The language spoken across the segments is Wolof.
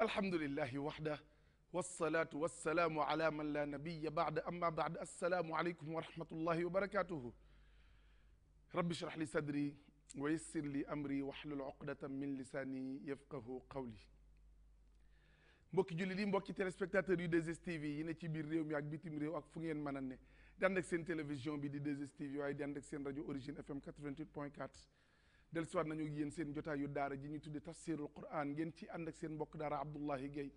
alhamdulillahi waxda wasalaatu wasalaamu ala man la nabiya baad amma baad assalaamu aleykum wa rahmatullahi wa barakatuhu rabbi shrah li sadri wa yassir li amri waxlul uqdatam min lisaani yafqahu qawli mbokki julli li mbokki téléspectateurs yu 2STV yi ne ci biir réew mi ak bitim réew ak fu ngeen mën a ne di ànd seen télévision bi di 2STV waaye di ànd seen rajo origine fm 88 point 4 del siwaat nañu ak yéen seen jotaay yu daara ji ñu tudde tafsirul quran ngeen ci ànd ak seen mbokk daara Abdoulahi Gaye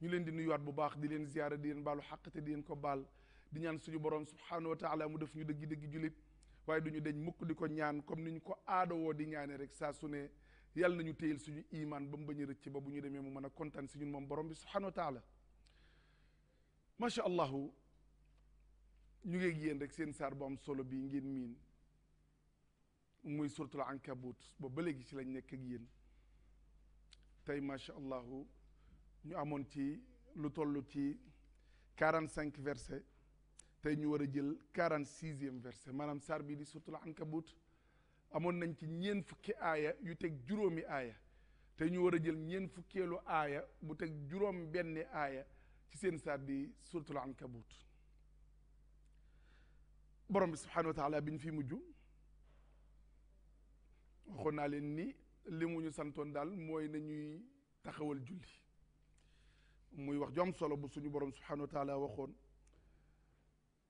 ñu leen di nuyuwaat bu baax di leen ziyaara di leen baalu xaq te di leen ko baal di ñaan suñu borom subhanahu wa taala mu def ñu dëgg-dëgg jullit waaye du ñu deñ mukk di ko ñaan comme ni ñu ko aadawoo di ñaane rek saa su ne yàlla nañu téyel suñu iman ba mu bañ a ba bu ñu demee mu mën a kontaan si ñun moom borom bi subhanahu wa taala allahu ñu ngi yéen rek seen saar am solo bii ngeen miin muy suratul ankabut ba ba léegi ci lañ nekk yéen tey macha allahu ñu amoon ci lu toll ci quarante cinq verset tey ñu war a jël quarante sixième verset maanaam saar bii di suuratul Ankabut amoon nañ ci ñeen fukki aaya yu teg juróomi aaya tey ñu war a jël ñeen fukkeelu aaya bu teg juróom benni aaya ci seen saar di suuratul Ankabut borom bi subhaanahu wa taala bi ñu fi mujj waxoon naa leen ni li santoon daal mooy nañuy taxawal julli muy wax ju solo bu suñu borom subhaanahu wa waxoon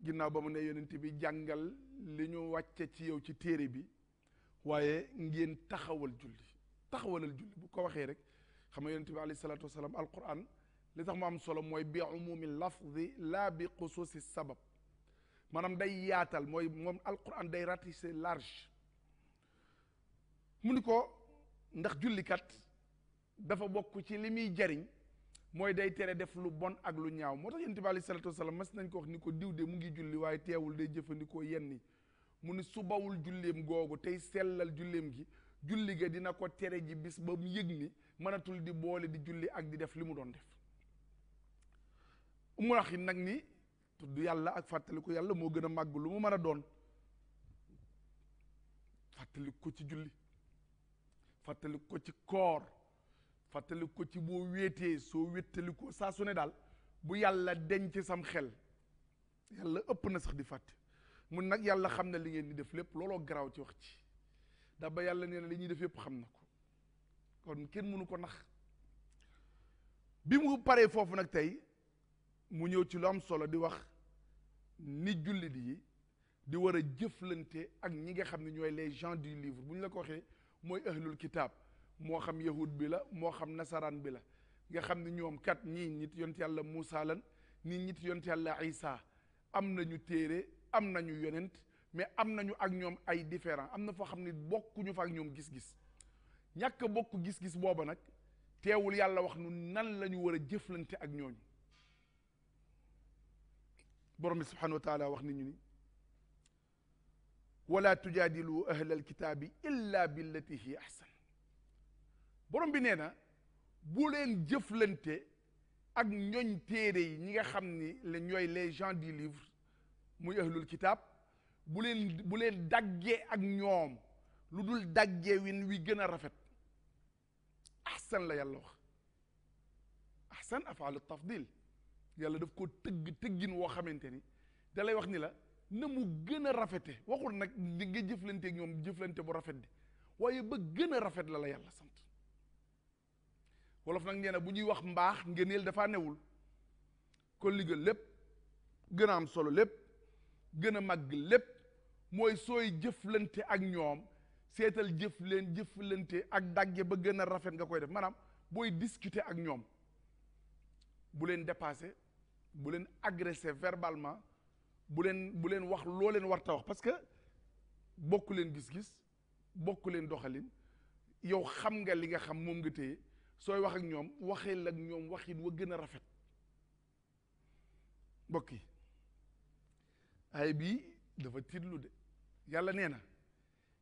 ginnaaw ba mu ne yonent bi jàngal li ñu wàcce ci yow ci téere bi waaye ngeen taxawal julli taxawalal julli bu ko waxee rek xam nga yonent bi alayhi salaatu wasalaam alquran li tax mu am solo mooy bi umumi lafzi laa bi xusuusi sabab maanaam day yaatal mooy moom alquran day ratisser large mu ni ko ndax jullikat dafa bokk ci li muy jariñ mooy day tere def lu bon ak lu ñaaw moo tax yonent bi aleyhi salaatu wasalaam mas nañ ko wax ni ko diw de mu ngi julli waaye teewul day jëfandikoo yenni mu ni subawul bawul julleem googu tey sellal julleem gi julli ga dina ko tere ji bis ba mu yëg ni mënatul di boole di julli ak di def li mu doon def mu wax nag ni tudd yàlla ak fàttaliku yàlla moo gën a màgg lu mu mën a doon fàttaliku ko ci julli fàttaliku ko ci koor fàttali ko ci boo wéetee soo wéttali saa sune daal bu yàlla denc sam xel yàlla ëpp na sax di fàtte mun nag yàlla xam na li ngeen di def lépp looloo garaaw ci wax ci da ba yàlla nee na li ñuy def yëpp xam na ko kon kenn mënu ko nax bi mu paree foofu nag tey mu ñëw ci lu am solo di wax nit jullit yi di war a jëflante ak ñi nga xam ne ñooy les gens du livre bu ñu la ko waxee mooy ahlul kitaab moo xam yahud bi la moo xam nasaraan bi la nga xam ne ñoom kat ñii nit yont yàlla Moussa lan nii nit yont yàlla Isa am nañu téere am nañu yonent mais am nañu ak ñoom ay différent am na foo xam ne bokkuñu fa ak ñoom gis-gis ñàkk bokk gis-gis booba nag teewul yàlla wax nu nan lañu war a jëflante ak ñooñu borom bi subhanahu wa taala wax nañu ni wala tujaadilu ahlal kitaabi illa billati ahsan borom bi nee na bu leen jëflante ak ñooñ téere yi ñi nga xam ni la ñooy les gens du livre muy ahlul kitab bu leen bu leen daggee ak ñoom lu dul daggee win wi gën a rafet ahsan la yàlla wax ahsan afaalu tafdil yàlla def ko tëgg tëggin woo xamante ni da lay wax ni la na mu gën a rafete waxul nag di nga jëflanteek ñoom jëflante bu rafet di waaye ba gën a rafet la la yàlla sant wolof nag nee na bu ñuy wax mbaax ngëneel dafaa newul kon li lépp gën a am solo lépp gën a màgg lépp mooy sooy jëflante ak ñoom seetal jëfleen leen jëflante ak dàgge ba gën a rafet nga koy def manaam booy discuter ak ñoom bu leen dépassé bu leen agressé verbalement bu leen bu leen wax loo leen war ta wax parce que bokk leen gis-gis bokk leen doxalin yow xam nga li nga xam moom nga téye sooy wax ak ñoom waxeel ak ñoom waxin wa gën a rafet mbokk ay bii dafa tiitlu de yàlla nee na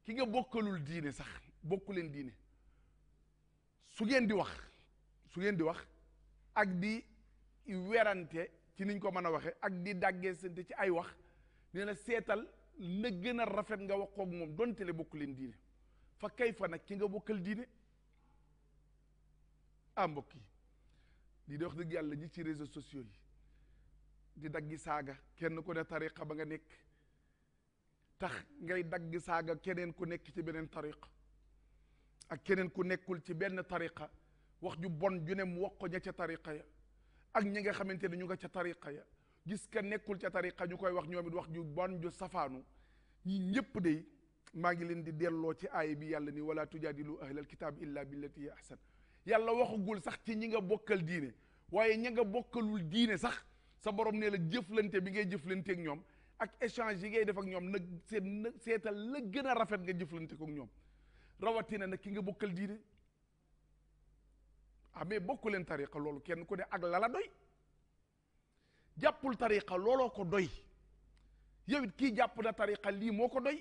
ki nga bokkalul diine sax bokku leen diine su ngeen di wax su ngeen di wax ak di werante ci niñ ko mën a waxe ak di dàggee sante ci ay wax nee na seetal na gën a rafet nga wax koog moom donte le bokku leen diine fa kay fa nag ki nga bokkal diine ah mbokk yi de wax dëgg yàlla ñi ci réseaux sociaux yi di daggi saaga kenn ku ne tariqa ba nga nekk tax ngay dagg saaga keneen ku nekk ci beneen tariqa ak keneen ku nekkul ci benn tariqa wax ju bon ju ne mu wax ko ña ca tariqa ya ak ñi nga xamante ne ñu nga ca tariqa ya gis ka nekkul ca tariqa ñu koy wax ñoom it wax ju bon ju safaanu ñii ñépp day maa ngi leen di delloo ci aaya bi yàlla ni wala tujaadilu ahlal kitaab illa billati hiya ahsan yàlla waxagul sax ci ñi nga bokkal diine waaye ña nga bokkalul diine sax sa borom nee la jëflante bi ngay jëflante ak ñoom ak échange yi ngay def ak ñoom nag seet na seetal la gën a rafet nga jëflante ko ak ñoom rawatina nag ki nga bokkal diine ah mais bokku leen tariqa loolu kenn ku ne ak la la doy jàppul tariqa looloo ko doy yow kii jàpp na tariqa lii moo ko doy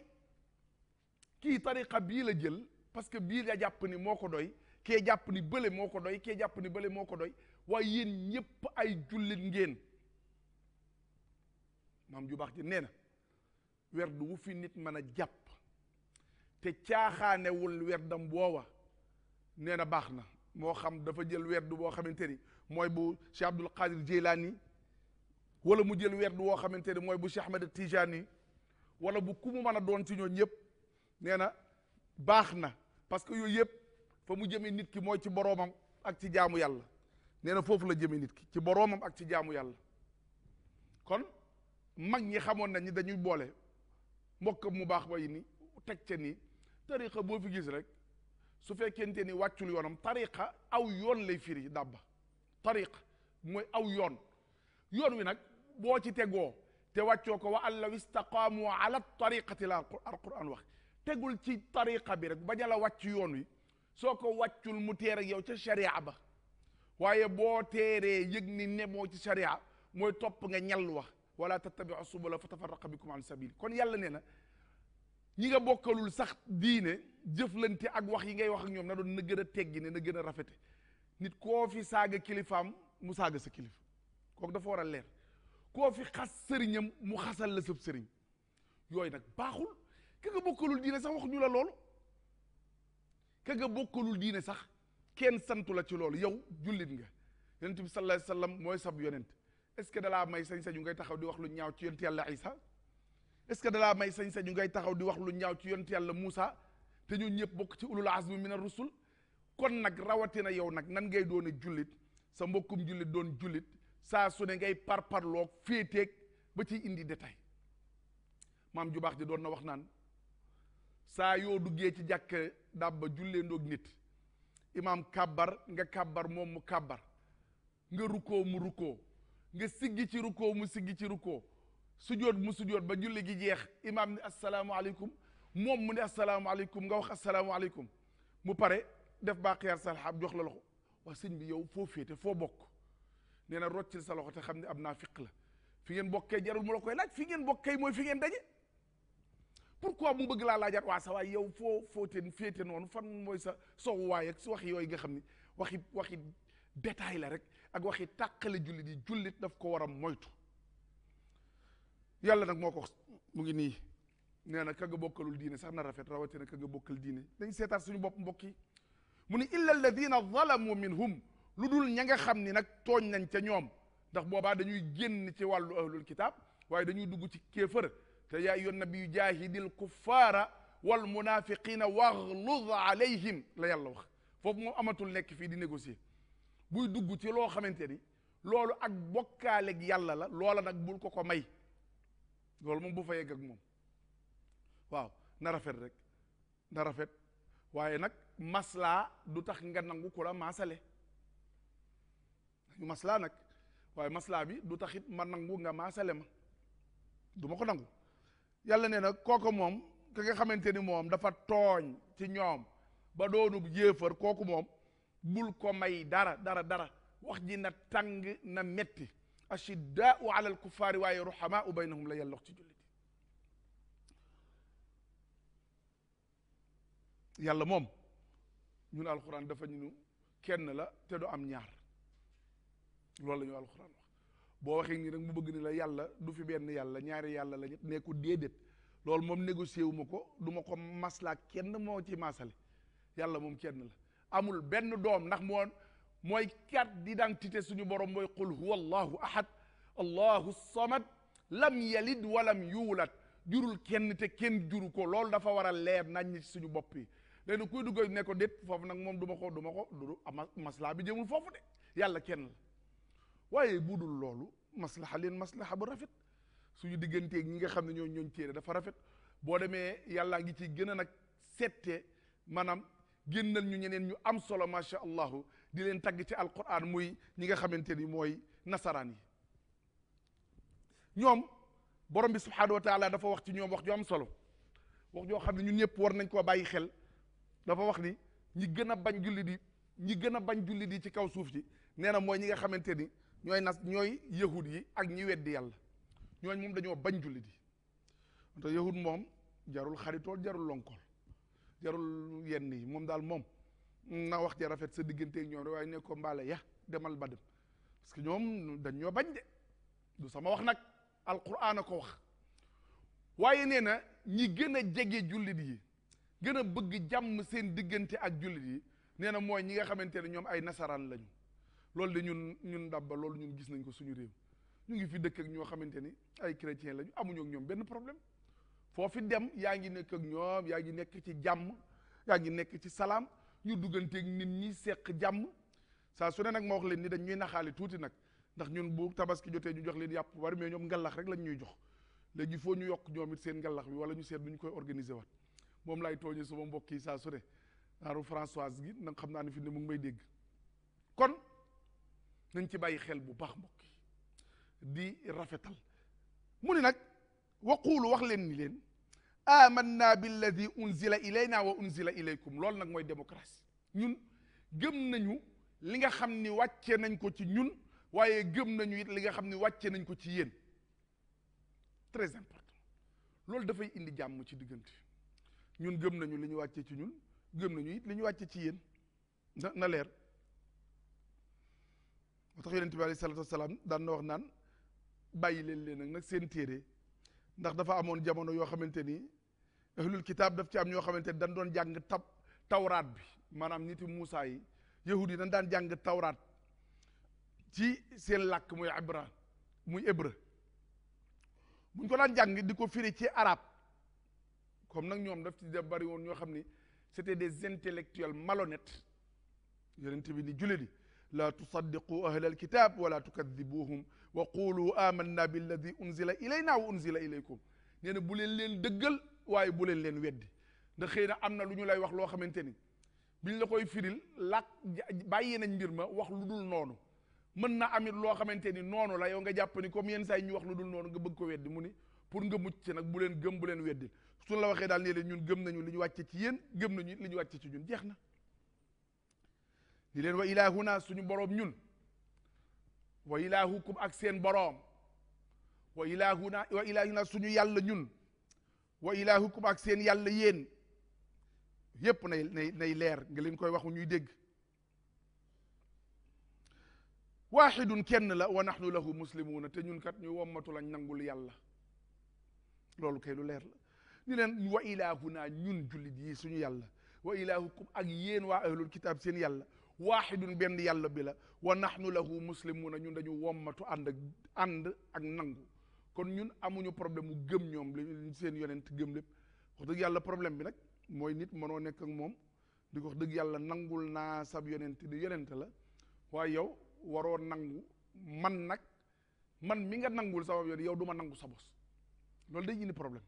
kii tariqa bii la jël parce que bii la jàpp ni moo ko doy kee jàpp ni bële moo ko doy kee jàpp ni bële moo ko doy waaye yéen ñépp ay jullit ngeen maam ju baax ji nee na werd wu fi nit mën a jàpp te caaxaanewul werdam boowa nee na baax na moo xam dafa jël werdu boo xamante ni mooy bu Cheikh Abdul Qadir Jilani wala mu jël werdu woo xamante ni mooy bu Cheikh Ahmed Tijani wala bu ku mu mën a doon ci ñooñ yépp nee na baax na parce que yooyu yëpp fa mu jëme nit ki mooy ci boroomam ak ci jaamu yàlla nee na foofu la jëme nit ki ci boroomam ak ci jaamu yàlla kon mag ñi xamoon nañ ni dañuy boole mbokkam mu baax ba ni teg ce nii tariqa boo fi gis rek su fekkente ni wàccul yoonam tariqa aw yoon lay firi dàbba tariqa mooy aw yoon yoon wi nag boo ci tegoo te wàccoo ko wa allaw istaqaamu ala tariqati la al quran wax tegul ci tariqa bi rek bañ a la wàcc yoon wi soo ko wàccul mu teer ak yow ca sharia ba waaye boo teeree yëg ni nemoo ci sharia mooy topp nga ñal wax wala tattabiu subula fa tafaraqa bikum an sabil kon yàlla nee na ñi nga bokkalul sax diine jëflante ak wax yi ngay wax ak ñoom na doon na gën a teggi ne na gën a rafete nit koo fi saaga kilifaam mu saaga sa kilifa kooku dafa war a leer koo fi xas sëriñam mu xasal la sëb sëriñ yooyu nag baaxul ki nga bokkalul diine sax waxuñu la loolu ka nga bokkalul diine sax kenn santu la ci loolu yow jullit nga yonent bi sa alayhi wasallam mooy sab yonent est-ce que dalaa may sañ-sañu ngay taxaw di wax lu ñaaw ci yonent yàlla Isa est-ce que dalaa may sañ-sañu ngay taxaw di wax lu ñaaw ci yonent yàlla musa te ñun ñëpp bokk ci ulul azmi mina rusul kon nag rawatina yow nag nan ngay doone jullit sa mbokkum jullit doon jullit saa su ne ngay parparloog féeteeg ba ci indi détail maam ju baax ji doon na wax naan saa yoo duggee ci jàkk dàbba jullee ndoog nit imaam kàbbar nga kàbbar moom mu kàbbar nga rukkoo mu rukkoo nga siggi ci rukkoo mu siggi ci rukkoo sujoot mu sujoot ba julli gi jeex imaam ni asalaamaaleykum moom mu ne asalaamaaleykum nga wax asalaamaaleykum mu pare def baax baa xiyaar salxaab jox la loxo wax sëñ bi yow foo féete foo bokk nee na roccil sa loxo te xam ne ab naa fiq la fi ngeen bokkee jarul mu la koy nag fi ngeen bokkee mooy fi ngeen daje pourquoi mu bëgg laa laajaat waa sa waay yow foo foo footeen féete noonu fan mooy sa soowu waay ak wax yooyu nga xam ni waxi waxi détail la rek ak waxi tàqale jullit yi jullit daf ko war a moytu yàlla nag moo ko mu ngi nii nee na ka nga bokkalul diine sax na rafet rawatina ka nga bokkal diine dañ seetaat suñu bopp mbokk yi mu ni illa alladina zalamu minhum lu dul ña nga xam ni nag tooñ nañ ca ñoom ndax boobaa dañuy génn ci wàllu ahlul kitab waaye dañuy dugg ci kéefër te yaa ayyuhan nabiyyu jaahidil kuffaara wal munaafiqiina waghluz alayhim la yàlla wax foofu moom amatul nekk fii di négocier buy dugg ci loo xamante ni loolu ak bokkaaleeg yàlla la loola nag bul ko ko may loolu moom bu fa yegg moom waaw na rafet rek na rafet waaye nag maslaa du tax nga nangu ku la maasale maslaa nag waaye maslaa bi du taxit ma nangu nga maasale ma du ma ko nangu yàlla nee nag kooku moom ki nga xamante ni moom dafa tooñ ci ñoom ba doonu yéefar kooku moom bul ko may dara dara dara wax ji na tàng na metti ashiddaau ala alkufaari waaye ruhamaau baynahum la yàlla wax ci jullit yàlla moom ñun alxuraan dafa ñu kenn la te du am ñaar loolu la ñu alxuraan wax boo waxee nii rek mu bëgg ni la yàlla du fi benn yàlla ñaari yàlla la ñett nekku déedéet loolu moom négocié wu ma ko du ma ko maslaa kenn moo ci maasale yàlla moom kenn la amul benn doom ndax moo mooy carte d'identité suñu borom mooy qul huwa allahu ahad allahu samad lam yalid walam yuulat jurul kenn te kenn juru ko loolu dafa war leer nañ ñi suñu bopp yi léegi kuy dugg ne ko foofu nag moom du ma ko du ko du maslaa bi jëmul foofu de yàlla kenn la waaye budul loolu maslaxa leen maslaxa bu rafet suñu digganteeg ñi nga xam ne ñoo ñooñ téere dafa rafet boo demee yàllaa ngi ci gën a nag seete maanaam génnal ñu ñeneen ñu am solo macha allahu di leen tagg ci alquran muy ñi nga xamante ni mooy nasaraan yi ñoom borom bi subhanahu wa taala dafa wax ci ñoom wax ju am solo wax ñoo xam ne ñun ñëpp war nañ koo bàyyi xel dafa wax ni ñi gën a bañ julli di ñi gën a bañ julli di ci kaw suuf ci nee na mooy ñi nga xamante ni ñooy nas ñooy yahud yi ak ñi weddi yàlla ñooñ moom dañoo bañ jullit yi te yahud moom jarul xaritool jarul lonkool jarul yenn yi moom daal moom na wax ja rafet sa diggante ak ñoom waaye ne ko mbaale ya demal ba dem parce que ñoom dañ ñoo bañ de lu sama wax nag alquran a ko wax waaye nee na ñi gën a jege jullit yi gën a bëgg jàmm seen diggante ak jullit yi nee na mooy ñi nga xamante ne ñoom ay nasaraan lañu loolu de ñun ñun dàbba loolu ñun gis nañ ko suñu réew ñu ngi fi dëkk ak ñoo xamante ni ay chrétien lañu amuñu ñoom benn problème foofi dem yaa ngi nekk ak ñoom yaa ngi nekk ci jàmm yaa ngi nekk ci salaam ñu dugganteeg nit ñi seq jàmm saa su nag ma wax leen ni dañ ñuy naxaale tuuti nag ndax ñun bu tabaski jotee ñu jox leen yàpp war mais ñoom ngalax rek lañ ñuy jox léegi foo ñu yokk ñoom it seen ngalax bi wala ñu seet bu ñu koy organiser waat moom laay tooñee sama mbokk yi saa su ne naaru Françoise gi nag xam naa ne fi ne mu ngi may dégg nañ ci bàyyi xel bu baax mbokk di rafetal mu ni nag waquulu wax leen ni leen amanna billadi unzila ilayna wa unzila ilaykum loolu nag mooy démocratie ñun gëm nañu li nga xam ni wàcce nañ ko ci ñun waaye gëm nañu it li nga xam ni wàcce nañ ko ci yéen très important loolu dafay indi jàmm ci diggante ñun gëm nañu li ñu wàcce ci ñun gëm nañu it li ñu wàcce ci yéen na na leer moo tax yonent bi aleyhi salaatu wasalaam daan na wax naan bàyyi leen leen nag seen téere ndax dafa amoon jamono yoo xamante ni ahlul kitaab daf ci am ñoo xamante ni dañ doon jàng tab tawraat bi maanaam niti Muusaa yi yahud yi dañ daan jàng tawraat ci seen làkk muy ibra muy hébreu buñ ko daan jàng di ko firi ci arab comme nag ñoom daf ci da bari woon ñoo xam ni c'était des intellectuels malhonnêtes yonent bi ni jule yi laa tusaddiqu ahla alkitab wala tukadibuhum wa qulu amanna billadi unzila ilayna wa unzila ilaykum nee na bu leen leen dëggal waaye bu leen leen weddi ndax xëy na am na lu ñu lay wax loo xamante ni biñ la koy firil laak bàyyi nañ mbir ma wax lu dul noonu mën na amit loo xamante ni noonu la yow nga jàpp ni comme yenn saa yi ñu wax lu dul noonu nga bëgg ko weddi mu ni pour nga mucc ci nag bu leen gëm bu leen weddil suñ la waxee daal ne ñun gëm nañu li ñu wàcce ci yéen gëm nañu li ñu wàcce ci ñun jeex na ni leen wa ilaahuna suñu boroom ñun wa ilaahukum ak seen boroom wa ilaahuna wa ilaahuna suñu yàlla ñun wa ilaahukum ak seen yàlla yéen yépp nay nay leer nga koy waxu ñuy dégg waaxidun kenn la wa nahnu lahu muslimuuna te ñun kat ñu wommatu lañ nangul yàlla loolu kay lu leer la ni leen wa ilaahuna ñun jullit yi suñu yàlla wa ilaahukum ak yéen waa ahlul kitaab seen yàlla waaxidun benn yàlla bi la wa nahnu lahu muslimuuna ñun dañu wommatu ànd ak ànd ak nangu kon ñun amuñu problème mu gëm ñoom li seen yonent gëm lépp wax dëgg yàlla problème bi nag mooy nit mënoo nekk ak moom di ko dëgg yàlla nangul naa sab yonent ni yonent la waaye yow waroo nangu man nag man mi nga nangul sabab yoon yow duma nangu sa bos loolu day indi problème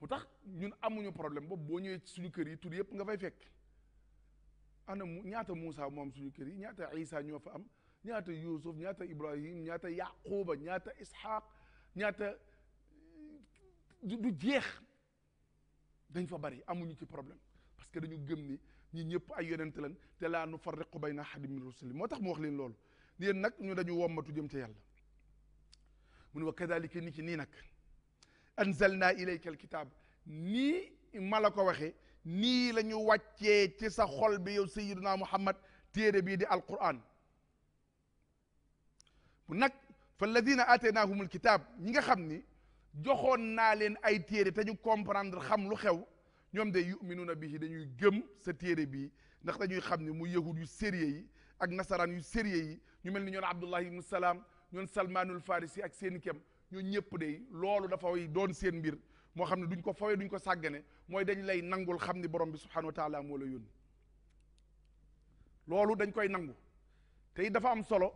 mu tax ñun amuñu problème boobu boo ñëwee suñu kër yi tur yëpp nga fay fekk ana mu ñaata Moussa moom suñu kër yi ñaata Isa ñoo fa am ñaata Yusuf ñaata Ibrahim ñaata Yaquba ñaata Ishaq ñaata du jeex dañ fa bari amuñu ci problème parce que dañu gëm ni ñi ñëpp ay yonent lañ te laa nu farriqu bayna ahadin min rusuli moo tax mu wax leen loolu yéen nag ñu dañu wommatu jëm ca yàlla mu ne wa kadalika ni ki nii nag anzalna ilayka alkitab nii ma la ko waxee nii la ñu wàccee ci sa xol bi yow sayyiduna muhammad téere bii di alkuraan bu nag fa alladina ataynaahum alkitab ñi nga xam ni joxoon naa leen ay téere te ñu comprendre xam lu xew ñoom de yuminuuna bihi dañuy gëm sa téere bii ndax dañuy xam ni mu yahud yu sérieux yi ak nasaraan yu sérieux yi ñu mel ni ñoon abdullahi ibnu salaam ñoon salmaanul farisi ak seen i kem ñoo ñëpp dey loolu dafa way doon seen mbir moo xam ne duñ ko fawee duñ ko sàggane mooy dañ lay nangul xam ni borom bi subhanahu wa taala moo la yónni loolu dañ koy nangu te dafa am solo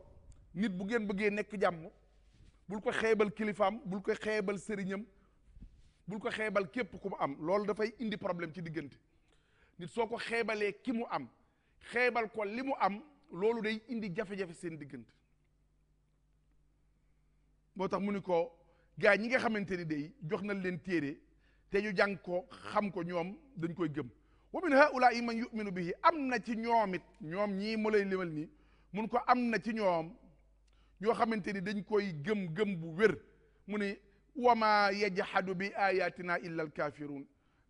nit bu ngeen bëggee nekk jàmm bul ko xeebal kilifaam bul ko xeebal sëriñam bul ko xeebal képp ku am loolu dafay indi problème ci diggante nit soo ko xeebalee ki mu am xeebal ko li mu am loolu day indi jafe-jafe seen diggante moo tax mu ni ko gaa ñi nga xamante ni day jox nañ leen téere te ñu jàng ko xam ko ñoom dañ koy gëm wa min haula man yuminu bihi am na ci ñoom it ñoom ñii mu lay nii mun ko am na ci ñoom ñoo xamante ni dañ koy gëm gëm bu wër mu ni wama yajhadu bi ayatina illa al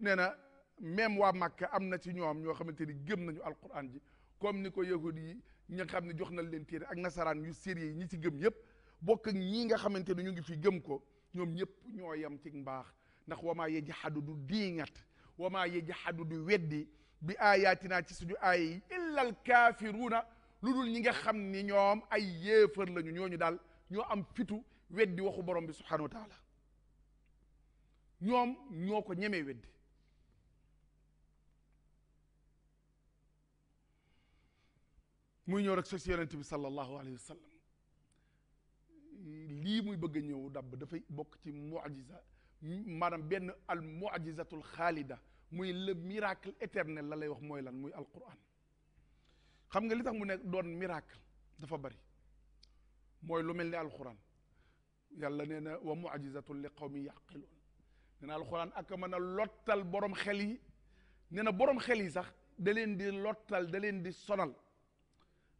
nee na même waa Makka am na ci ñoom ñoo xamante ni gëm nañu alquran ji comme ni ko yahud yi ñi xam ne jox nañ leen téere ak nasaraan yu sérieux yi ñi ci gëm yépp bokk ak ñii nga xamante ni ñu ngi fi gëm ko ñoom ñëpp ñoo yem ci mbaax ndax wamaa yajhadu du diingat wamaa yajhadu du weddi bi aayaatinaa ci suñu aaya yi illa lu dul ñi nga xam ni ñoom ay yéefar lañu ñooñu daal ñoo am fitu weddi waxu borom bi subhanahu wa taala ñoom ñoo ko ñemee weddi muy ñëw rek so bi sallallahu alayhi wa lii muy bëgg a ñëw dabb dafay bokk ci mujiza maanaam benn al mujizatul xaalida muy le miracle éternel la lay wax mooy lan muy alquran xam nga li tax mu nekk doon miracle dafa bari mooy lu mel ni alquran yàlla nee na wa mujizatul li qawmi yaqiluun nee na alquran ak mën a lottal borom xel yi nee na borom xel yi sax da leen di lottal da leen di sonal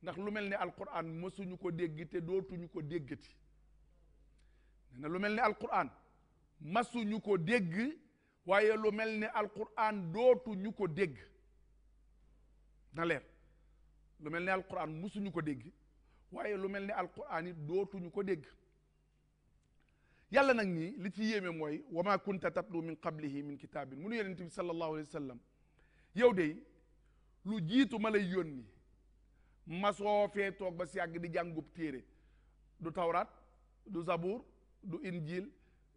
ndax lu mel ni alquran mësuñu ko dégg te dootuñu ko déggati nee na lu mel ni alquran masuñu ko dégg waaye lu mel ni alquran dootuñu ko dégg na leer lu mel ni alquran musuñu ko dégg waaye lu mel ni alquran it dootuñu ko dégg yàlla nag nii li ci yéeme mooy wa ma kunta tatlu min qablihi min kitaabin munu yonente bi sallallahu alayhi wa sallam yow de lu jiitu ma lay yónni masoo fee toog ba si yàgg di jàngub téere du tawraat du zabuur du injil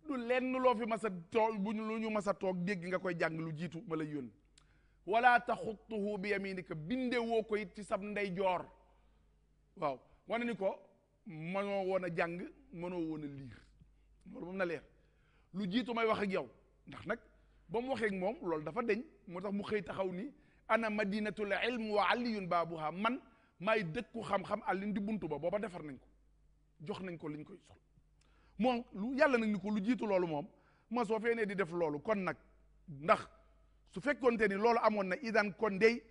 du lenn loo fi mas a toog bu lu ñu mas a toog dégg nga koy jàng lu jiitu ma lay yónni wala taxutuhu bi yaminika binde woo ko it ci sab ndeyjoor joor waaw wane ni ko mënoo woon jàng mënoo woon a liir loolu moom na leer lu jiitu may wax ak yow ndax nag ba mu waxee moom loolu dafa deñ moo tax mu xëy taxaw ni ana madinatul ilm wa aliyun baabuha man maay dëkku xam-xam àllin di buntu ba booba defar nañ ko jox nañ ko liñ koy sol moom lu yàlla nag ni ko lu jiitu loolu moom ma soo fee ne di def loolu kon nag ndax su fekkonte ni loolu amoon na idan kon dey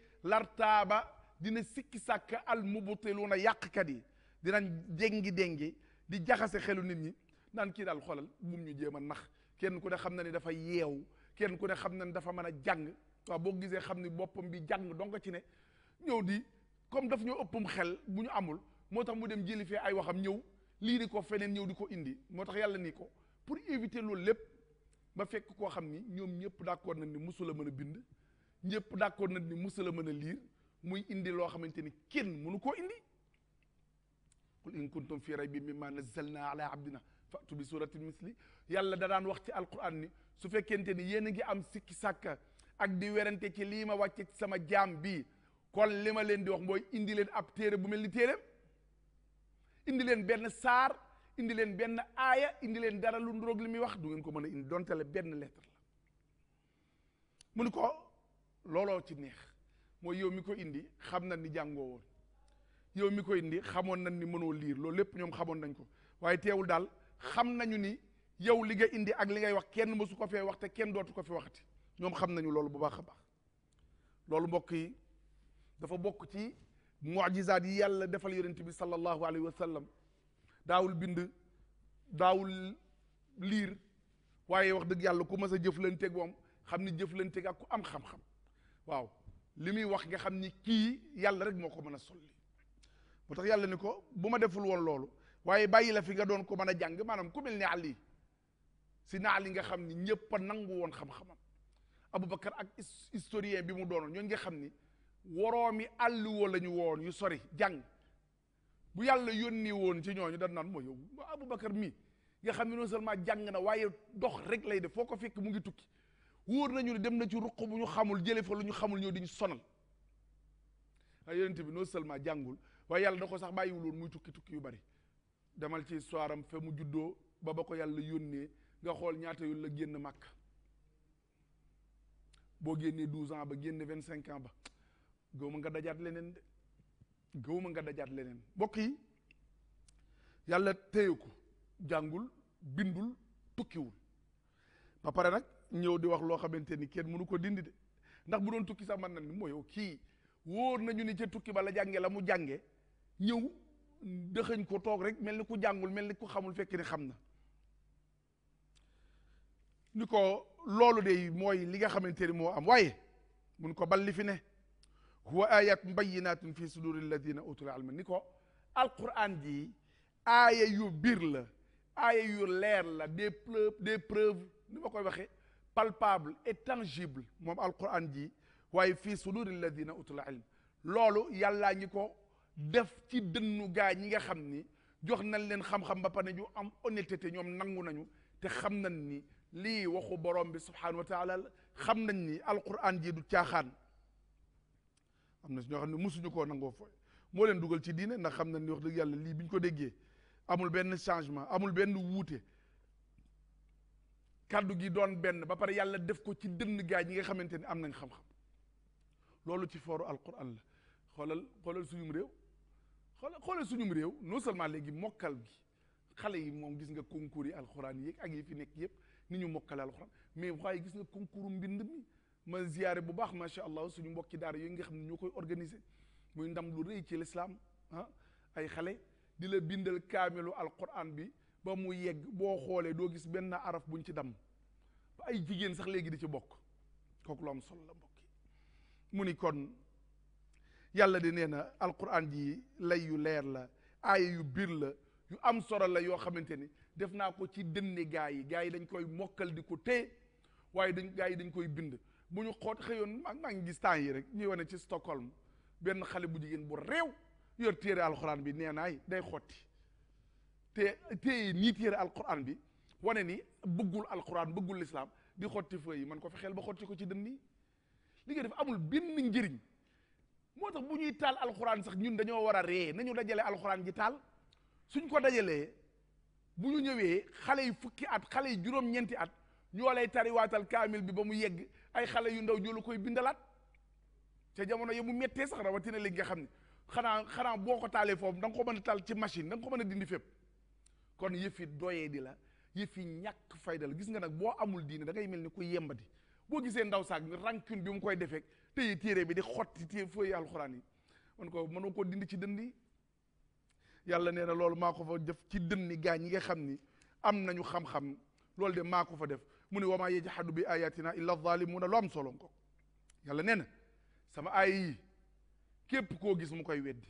taaba dina sikki sàkk al mubtiluuna yàqkat yi dinañ déngi-déngi di jaxase xelu nit ñi naan kii daal xoolal bum ñu jéem a nax kenn ku ne xam na ni dafa yeew kenn ku ne xam na ni dafa mën a jàng waaw boo gisee xam ni boppam bi jàng donc ci ne ñëw di comme dafa ñoo ëppum xel bu ñu amul moo tax mu dem jëli fee ay waxam ñëw lii liiri ko feneen ñëw di ko indi moo tax yàlla ni ko pour éviter loolu lépp ma fekk koo xam ni ñoom ñëpp d'accord nañ ni musul a mën a bind ñëpp d'accord nañ ni musul a mën a liir muy indi loo xamante ni kenn mënu koo indi qul in kuntum fi raybin mimma nazzalna ala abdina fatu bi suratin misli yàlla da daan wax ci alquran ni su fekkente ni yéen a ngi am sikki sàkka ak di werante ci lii ma wàcce sama jaam bii kon li ma leen di wax mooy indi leen ab téere bu mel ni téereem indi leen benn saar indi leen benn aaya indi leen dara lu ndoróog li muy wax du ngeen ko mën a indi donte la benn lettre la mu ko looloo ci neex mooy yow mi ko indi xam na ni jàngoo yow mi ko indi xamoon nañ ni mënoo liir loolu lépp ñoom xamoon nañ ko waaye teewul daal xam nañu ni yow li nga indi ak li ngay wax kenn mësu ko fee wax te kenn dootu ko fi waxati ñoom xam nañu loolu bu baax a baax loolu mbokk yi dafa bokk ci mujizaat yi yàlla defal yonent bi sallallahu alayhi wa sallam daawul bind daawul liir waaye wax dëgg yàlla ku mas a jëflanteeg moom xam ni jëflanteeg ak ku am xam-xam waaw li muy wax nga xam ni kii yàlla rek moo ko mën a solli moo tax yàlla ni ko bu ma deful woon loolu waaye bàyyi la fi nga doon ko mën a jàng maanaam ku mel ni Ali si naa li nga xam ni ñëpp nangu woon xam-xamam Aboubacar ak historien bi mu doonoon ñooñu nga xam ni woroomi àll woo la ñu woon yu sori jàng bu yàlla yónnee woon ci ñooñu dañ naan mooy yow Aboubacar mii nga xam ne non seulement jàng na waaye dox rek lay def foo ko fekk mu ngi tukki wóor nañu ne dem na ci ruq bu ñu xamul jële fa lu ñu xamul ñëw di ñu sonal ay yonent bi non seulement jàngul waaye yàlla da ko sax bàyyiwul woon muy tukki tukki yu bari demal ci histoire am fa mu juddoo ba ba ko yàlla yónnee nga xool ñaata yoon la génn màkk boo génnee douze ans ba génne vingt cinq ba gëwuma nga dajaat leneen de ma nga dajaat leneen mbokk yi yàlla téye ko jàngul bindul tukkiwul ba pare nag ñëw di wax loo xamante ni kenn mënu ko dindi de ndax bu doon tukki sax man na ni yow kii wóor nañu ni ca tukki ba jànge la mu jànge ñëw dëxëñ ko toog rek mel ni ku jàngul mel ni ku xamul fekk ni xam na ni ko loolu de mooy li nga xamante ni moo am waaye mun ko bal li fi ne huwa ayatun bayyinatun fi suduri alladina utul ilma ni ko alquran ji aaya yu biir la aaya yu leer la des preuves des preuves ni ma koy waxee palpable et tangible moom alquran ji waaye fii suduri alladina utul ilm loolu yàllaa ñi ko def ci dënnu gaa ñi nga xam ni jox nañ leen xam-xam ba pare ñu am honnêteté ñoom nangu nañu te xam nañ ni lii waxu borom bi subhanahu wa xam nañ ni alquran ji du caaxaan am na si ñoo xam ne mosuñu koo nangoo fooy moo leen dugal ci diine ndax xam na ni wax dëgg yàlla lii bi ñu ko déggee amul benn changement amul benn wuute kàddu gi doon benn ba pare yàlla def ko ci dënn gaay yi nga xamante ni am nañ xam-xam loolu ci fooru alquran la xoolal xoolal suñu réew xoolal xoolal suñum réew non seulement léegi mokkal gi xale yi moom gis nga concours yi alxuraan yi ak yi fi nekk yëpp ni ñu mokkale alxuraan mais waaye gis nga concours mbind mi ma ziyaare bu baax macha allah suñu mbokki daara yooyu nga xam ne ñoo koy organiser muy ndam lu rëy ci lislaam ah ay xale di la bindal kaamilu alquran bi ba mu yegg boo xoolee doo gis benn araf buñ ci dam ay jigéen sax léegi di ci bokk kooku lu am solo la mbokki mu ni kon yàlla di nee na alquran ji lay yu leer la aaya yu biir la yu am solo la yoo xamante ni def naa ko ci dënne gaa yi gaa yi dañ koy mokkal di ko téye waaye dañ gaa yi dañ koy bind bu ñu xoot xëyoon maa maa ngi gis yi rek ñuy wane ci Stockholm benn xale bu jigéen bu réew yor téere alxuraan bi nee naay day xotti te téye nii téere alxuraan bi wane ni bëggul alxuraan bëggul lislaam di xotti feu yi man ko fi fexeel ba xotti ko ci dënn yi li nga def amul benn njëriñ moo tax bu ñuy taal alxuraan sax ñun dañoo war a ree nañu dajale alxuraan ji taal suñ ko dajalee bu ñu ñëwee xale yi fukki at xale yi juróom-ñeenti at ñoo lay tariwaatal kaamil bi ba mu yegg ay xale yu ndaw ñoo koy bindalaat ca jamono yi mu méttee sax rawatina léegi nga xam ne xanaa xanaa boo ko taalee foofu da ko mën a taal ci machine da ko mën a dindi fépp kon yëf yi doyee di la yëf ñàkk fayda la gis nga nag boo amul diine da ngay mel ni ku yembati boo gisee ndaw saag mi bi mu koy defee téere bi di xotti téye fooy alxuraan yi man ko mënoo koo dindi ci dënd yàlla nee na loolu maa ko fa def ci dënni gaa ñi nga xam ni am nañu xam-xam loolu de maa ko fa def mu ne wamaa yajhadu bi ayatina illa zalimuuna lu am solo ko yàlla na sama aaya yi képp koo gis mu koy weddi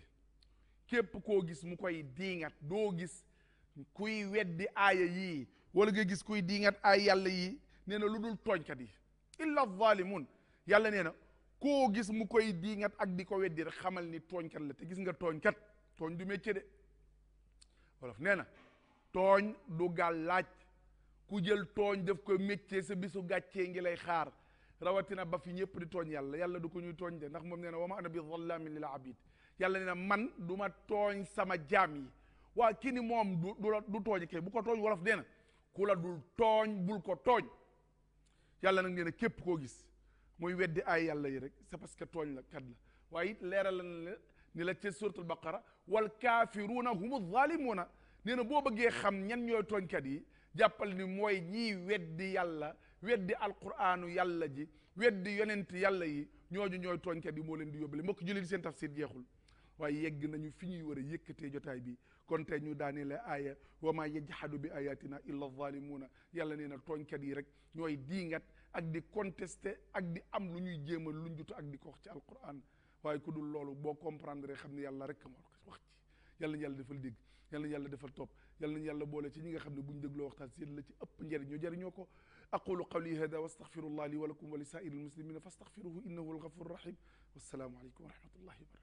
képp koo gis mu koy diingat doo gis kuy weddi aaya yii wala nga gis kuy diingat aaya yàlla yii nee na lu dul tooñkat yi illa zalimun yàlla nee na koo gis mu koy diingat ak di ko weddi rek xamal ni tooñkat la te gis nga tooñkat tooñ du métier de wolof nee na tooñ du gàllaaj ku jël tooñ def ko métier sa bisu gàccee ngi lay xaar rawatina ba fi ñëpp di tooñ yàlla yàlla du ko ñuy tooñ de ndax moom nee na wa ma ana bi zallaamin lil abid yàlla nee na man du ma tooñ sama jaam yi waa kii ni moom du du tooñ kay bu ko tooñ wolof dee na ku la dul tooñ bul ko tooñ yàlla nag nee képp koo gis muy weddi ay yàlla yi rek c'est parce que tooñ la kat la waaye leeral la la ni la ci suratul baqara wal kaafiruuna humu zaalimuuna nee na boo bëggee xam ñan ñooy tooñkat yi jàppal ni mooy ñii weddi yàlla weddi alquraanu yàlla ji weddi yonent yalla yi ñoo ñooñu ñooy tooñkat yi moo leen di yóbbale mbokk jullit seen tafsir jeexul waaye yegg nañu fi ñuy war a yëkkatee jotaay bi kon ñu daanee la aaya wa maa yajhadu bi ayatina illa zalimuuna yàlla nee na tooñkat yi rek ñooy diingat ak di contester ak di am lu ñuy jéem a ñu jutu ak di ko wax ci alquran waaye ku dul loolu boo comprendre xam ne yàlla rek moo wax ci yàlla yàlla defal dégg yàlla yàlla defal topp yal nañu yàlla boole ci ñi nga xam ne bu ñu dégloo waxtaan si yéen la ci ëpp njëriñ ñoo jëriñoo ko aqulu qawli hada wa astaghfirullah li wa lakum wa li saa'iril muslimina fastaghfiruhu innahu al-ghafurur rahim wassalaamu aleykum wa rahmatullahi wa barakatuh